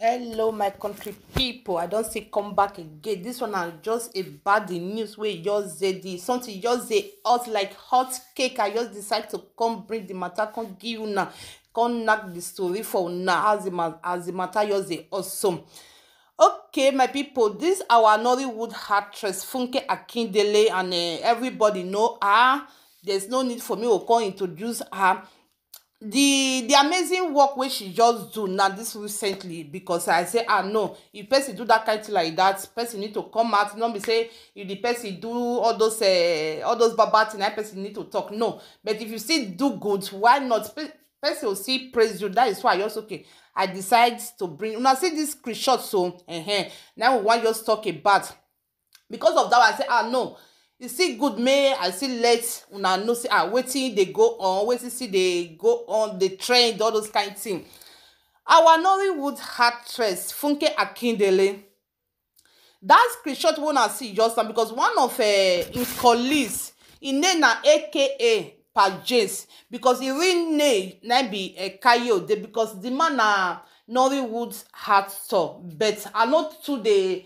hello my country people. i don say come back again This one na just a bad news wey e just say di something e just dey hot like hot cake i just decide to come bring the matter come give una come knack the story for una as the matter just dey awesome okay my people. This our nollywood actress funke akindele and eh, everybody know her there's no need for me to come introduce her the the amazing work wey she just do na this recently because i say ah no if person do that kind thing like that person need to come out no be say if the person do all those uh, all those bad bad thing na person need to talk no but if you still do good why not Pe person go still praise you that is why i just okay i decide to bring una see this screenshot so uh eh, -huh. Eh, now we want just talk about because of that i say ah no e still good make i still let una know say ah wetin dey go on wetin still dey go on the trend all those kind thing our nollywood actress funke akindele that screenshot wey una see just now because one of uh, eh, im colleagues im name na aka pa james because im real name na be uh, kayode because the man na nollywood actor but i no too dey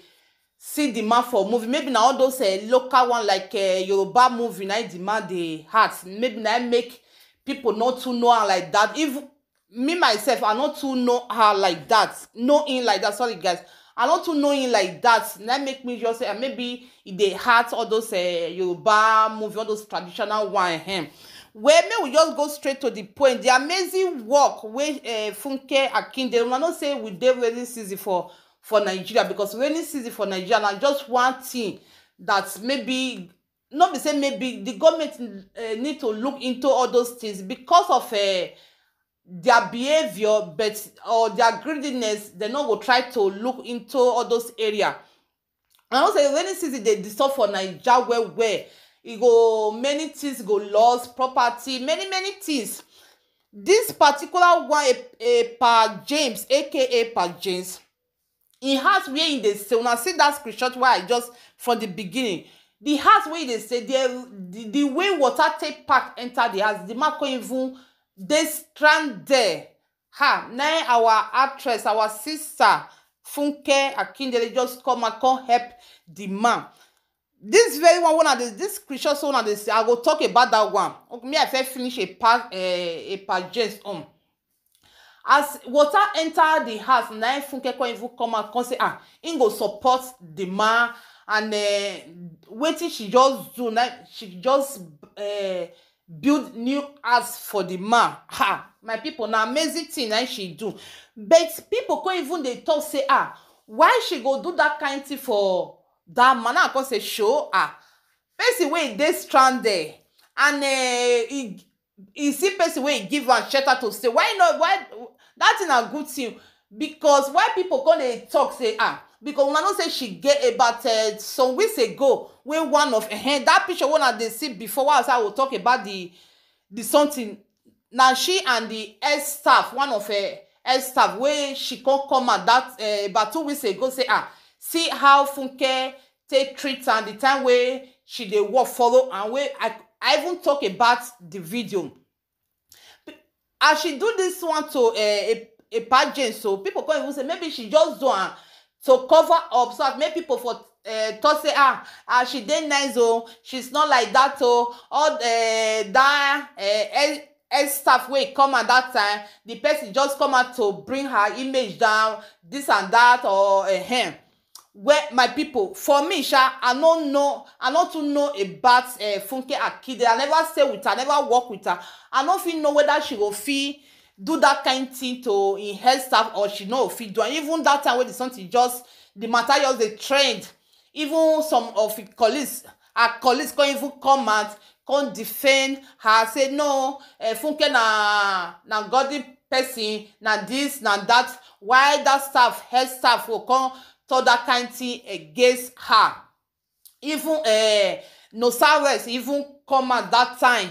see demand for movie maybe na all those uh, local one like uh, yoruba movie na e demand the heart maybe na e make people no too know her like that if me myself i no too know her like that know him like that sorry guys i no too know him like that na e make me just say uh, maybe e dey heart all those uh, yoruba movie all those traditional one um, well make we just go straight to the point the amazing work wey uh, funke akindele una know say we dey very season for for nigeria because rainy season for nigeria na just one thing that maybe no be say maybe the government uh, need to look into all those things because of uh, their behaviour but or their greediness they no go try to look into all those area and also rainy season dey disturb for naija well well e go many things go loss property many many things this particular one eh, a, a pa james aka pa james He has where im dey stay una see that screenshot wey i just from the beginning the house wey e dey stay there the, the way water take pack enter the house the man come even dey strand there ha na our actress our sister funke akindele just come and come help the man this very one una dey this screenshot so una dey say i go talk about that one Okay, me i first finish a pa uh, a pa james own. Um as water enter the house na funke come even come out come say ah im go support the man and uh, wetin she just do na she just uh, build new house for the man ha my people na amazing thing na she do but people come even dey talk say ah why she go do that kind thing for that man na come say show ah person wey dey stranded and uh, e e see person wey e give am shelter to stay why not why that thing na good thing because why people come dey talk say ah because una know say she get about uh, some weeks ago when one of uh, that picture wey una dey see before while i go talk about the the something na she and the ex staff one of eh, her ex staff wey she come come out that uh, about two weeks ago say ah see how funke take treat am the time wey she dey work follow and wey i I even talk about the video. I should do this one to uh, eh, a, eh, a pageant, so people come and say maybe she just do am to cover up so that make people for uh, eh, talk say ah ah she dey nice oh, she's not like that oh. all uh, that uh, health staff way come at that time the person just come out to bring her image down this and that or uh, him where my people for me sha i no know i no too know about uh, funke Akide. i never stay with her i never work with her i no fit know whether she go fit do that kind thing to in im hairstyle or she no fit do am even that time wey the something just the matter just dey trend even some of her colleagues her colleagues come even come out come defend her say no uh, funke na na godly person na this na that Why that staff head staff go come thought that kind thing against her even uh, eh, Nosawes even come at that time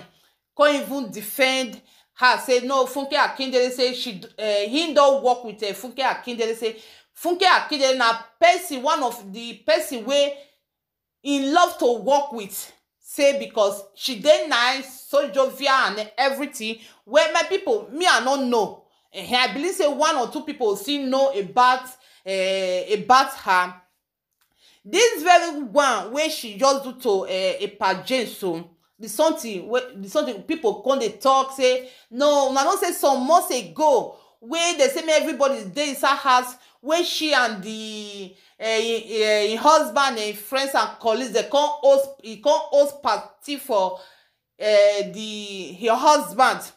come even defend her say no Funke Akindele say she uh, eh, him don't work with her. Eh, Funke Akindele say Funke Akindele na Percy, one of the Percy wey im love to work with say because she then nice so jovial and everything Where my people me i no know i believe say one or two people still know about uh, about her this very one wey she just do to uh, eh, epa james so the something wey be something people come dey talk say no una know say some months ago wey dey say make everybody dey inside house wey she and the uh, im uh, husband and eh, friends and colleagues dey come host e come host party for uh, the her husband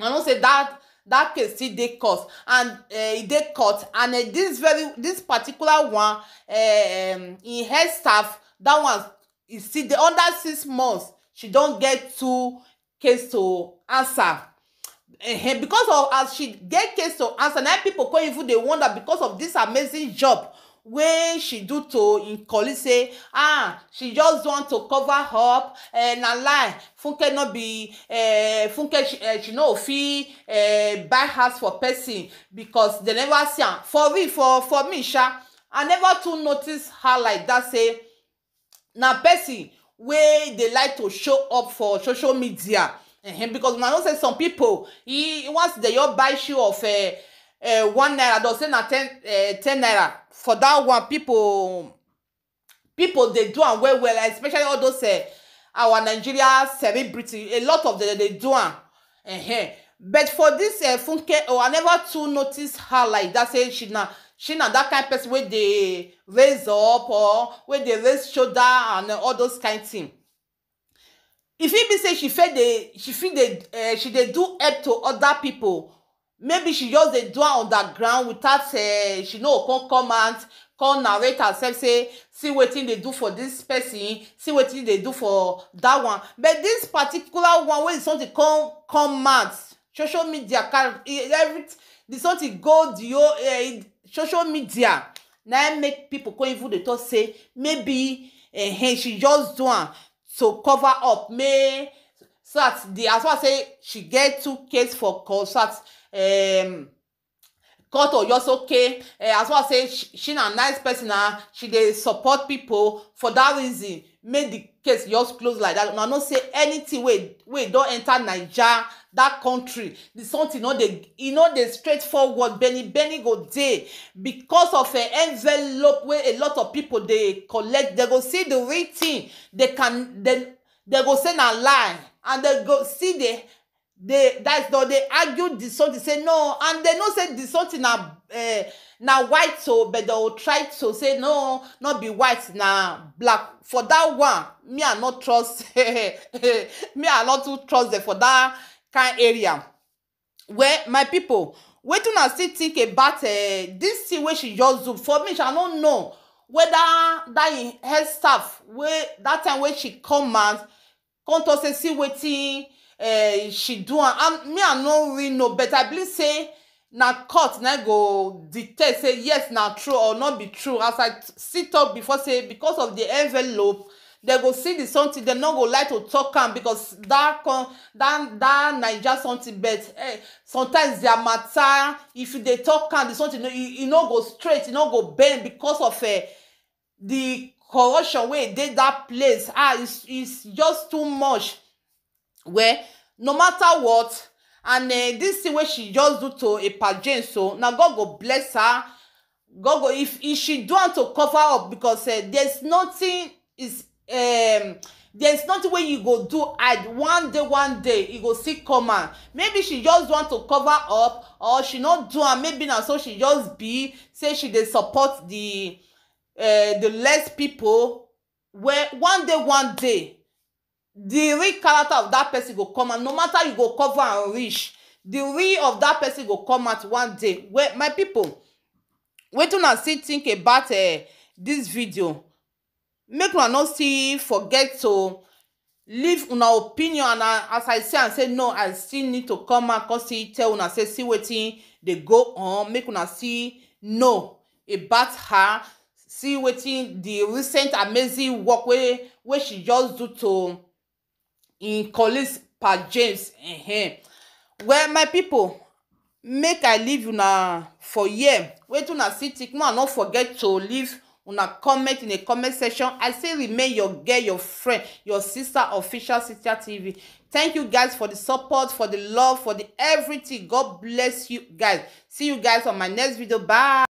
i know say that that case still dey court and uh, e dey court and uh, this very this particular one uh, eh, um, im head staff that one e still dey under six months she don get two case to answer uh, because of as she get case to answer na people come even dey wonder because of this amazing job wey she do to im colleague say ah she just want to cover up eh, na lie funke no be eh, funke she, eh, she no fit eh, buy house for person because dem never see am for real for for me sha i never too notice her like that say na person wey dey like to show up for social media uh eh, -huh, because una know say some people e once dey just buy shoe of. Uh, Eh, one naira dem say na ten eh, Ten naira for that one People, people dey do am well well especially all those eh, our nigeria celebrity a lot of them dey do am -huh. but for this dis funke oh i never too notice her like that. say she na she na that kind person wey dey raise up or wey dey raise shoulder and all those kind thing e fit be say she fit dey she fit dey she dey do help to other people maybe she just dey do am underground without uh, she no come come out come narrate herself say see wetin dey do for this person see wetin dey do for that one but this particular one wey the something come come out social media e, every the something go the whole uh, social media na im make people come even dey talk say maybe uh, she just do am to cover up may so that the as far as say she get two case for consult um, cut or oyosoke uh, as well say she, she na nice person and ah. she dey support people for that reason make the case just close like that una no say anything wey wey don enter naija that country the something no dey e no dey straightforward benny benny go dey because of uh, envelope wey a lot of people dey collect they go see the real thing they can they, they go say na lie and they go see the they that's the they argue the something say no and they know say the something na uh, na white so but they will try to say no not be white na black for that one me i not trust me i not to trust them for that kind area Where my people wetin i still think about uh, this thing wey she just for me i no know whether that im head staff wey that time wey she come out come see waiting. Eh, she do am and me i no really know but i believe say na court na e go detect say yes na true or no be true as i see talk before say because of the envelope they go see the something they no go like to talk am because that con that that naija something bet eh sometimes their matter if you dey talk am the something e e no go straight e no go bend because of eh the corruption wey dey that place ah it's it's just too much well no matter what and uh, this thing wey she just do to epa jane so na god go bless her god go if, if she do am to cover up because uh, there's nothing is um, there's nothing wey you go do hide one day one day e go still come out maybe she just want to cover up or she no do am maybe na so she just be say she dey support the uh, the less people well one day one day the real character of that person go come out no matter you go cover and reach the real of that person go come out one day well my people wetin una still think about uh, this video make una no see forget to leave una opinion and uh, as i say am say no i still need to come out cause see, tell una say see waiting they go on make una see no about her see waiting the recent amazing work wey where she just do to In colleagues pa james um well my pipo make i leave una for here Wait una still think make una no forget to leave una comment in the comment section i say remain your girl your friend your sister official sister tv thank you guys for the support for the love for the everything god bless you guys see you guys on my next video bye